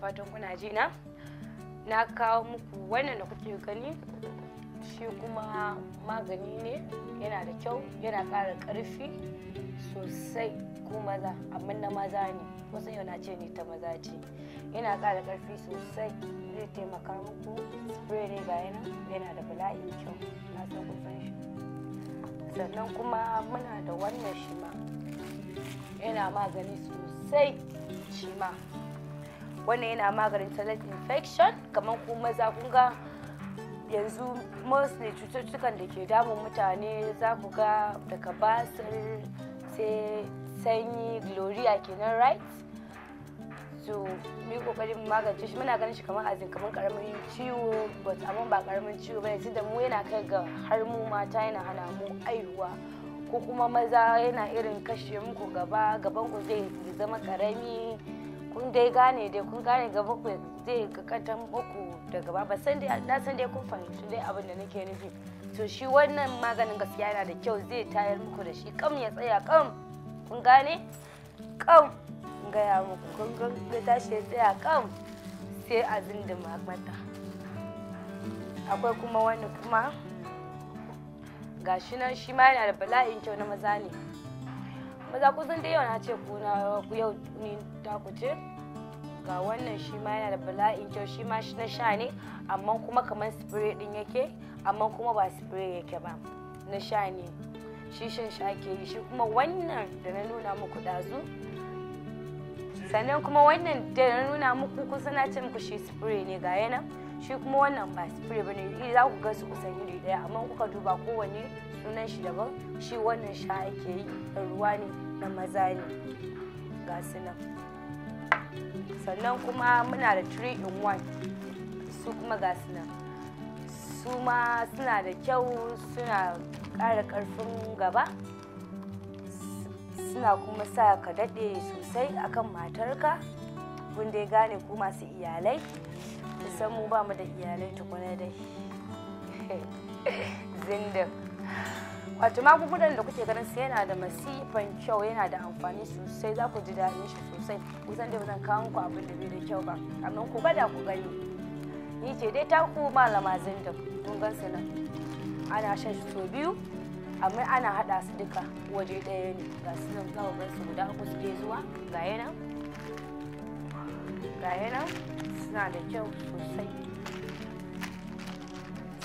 fatan kuna ji na na kawo muku wannan da kuke gani shi kuma magani ne yana da kyau yana ƙara ƙarfi sosai ko maza amma na maza ne wasu yau na ce ne ta maza ce yana ƙara ƙarfi sosai zai taimaka muku spray ne ga yana yana da bala'i kyau na san san shi sannan kuma muna da wannan shi ma yana magani sosai shi ma wannan yana maganin toilet infection kamar kuma maza kun ga yanzu mostly cututtukan da ke damun mutane za ku ga daga basir sai sanyi gloria kenan right so mu yi kokarin magance shi muna ganin shi kamar azin kamar karamin ciwo but amma ba karamin ciwo bane tunda mu yana kai ga har mu mata yana hana mu aihuwa ko kuma maza yana irin kashe muku gaba gaban ku zai zama karami kun dai gane dai kun gane gaba ku zai kakatan baku da gaba ba san dai na san dai kun fahimci dai abin da nake nufi to shi wannan maganin gaskiya yana da kyau zai tayar muku da shi kam ya tsaya kam kun gane kam gaya muku kun ga ya tashi ya tsaya kam sai a zindima mata akwai kuma wani kuma gashi nan shi ma yana da bala'in kyau na maza ne maza kusan dai yau na ce ku na ku yau ni ta ku ce ga wannan shi ma yana da bala'in kyau shi ma na sha ne amma kuma kamar spray din yake amma kuma ba spray yake ba na sha ne shi shan sha ke yi shi kuma wannan da na nuna muku ɗazu sannan kuma wannan da na nuna muku kusa na ce muku shi spray ne ga yana shi kuma wannan ba spray bane iri za ku ga su kusan iri daya amma kuka duba kowanne sunan shi daban shi wannan sha ake yi da ruwa ne na maza ne ga su nan sannan kuma muna da 3 in 1 su kuma ga su nan su ma suna da kyau suna ƙara ƙarfin gaba suna kuma sa ka daɗe sosai akan matarka kun dai gane ku masu iyalai san mu ba mu da iyalai tukuna dai zindin wato magungunan da kuke ganin sai yana da masifan kyau yana da amfani sosai za ku ji daɗin shi sosai kusan da zan kawo ku abin da bai da kyau ba amma ku gwada ku gani ni ce dai ta ku malama zindin mun gan su nan ana shan shi sau biyu amma ana haɗa su duka waje ɗaya ne ga su nan za ku gan su guda uku suke zuwa ga yana ga nan suna da kyau sosai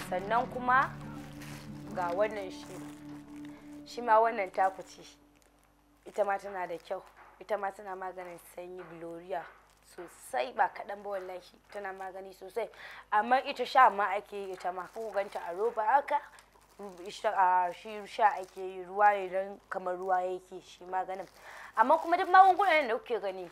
sannan kuma ga wannan shi shi ma wannan takuci ita ma tana da kyau ita ma tana maganin sanyi gloria sosai ba kaɗan ba wallahi tana magani sosai amma ita sha ma ake yi ita ma ko ganta a roba haka shi sha ake yi ruwa don kamar ruwa yake shi maganin amma kuma duk magungunan da kuke gani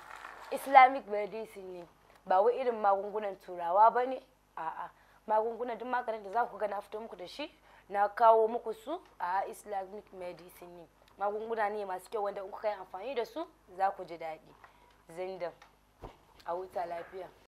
islamic medicine ne ba wai irin magungunan turawa ba ne a'a magungunan duk maganin da za ku ga na fito muku da shi na kawo muku su a islamic medicine ne magunguna ne masu kyau wanda in kuka yi amfani da su za ku ji daɗi zindan a huta lafiya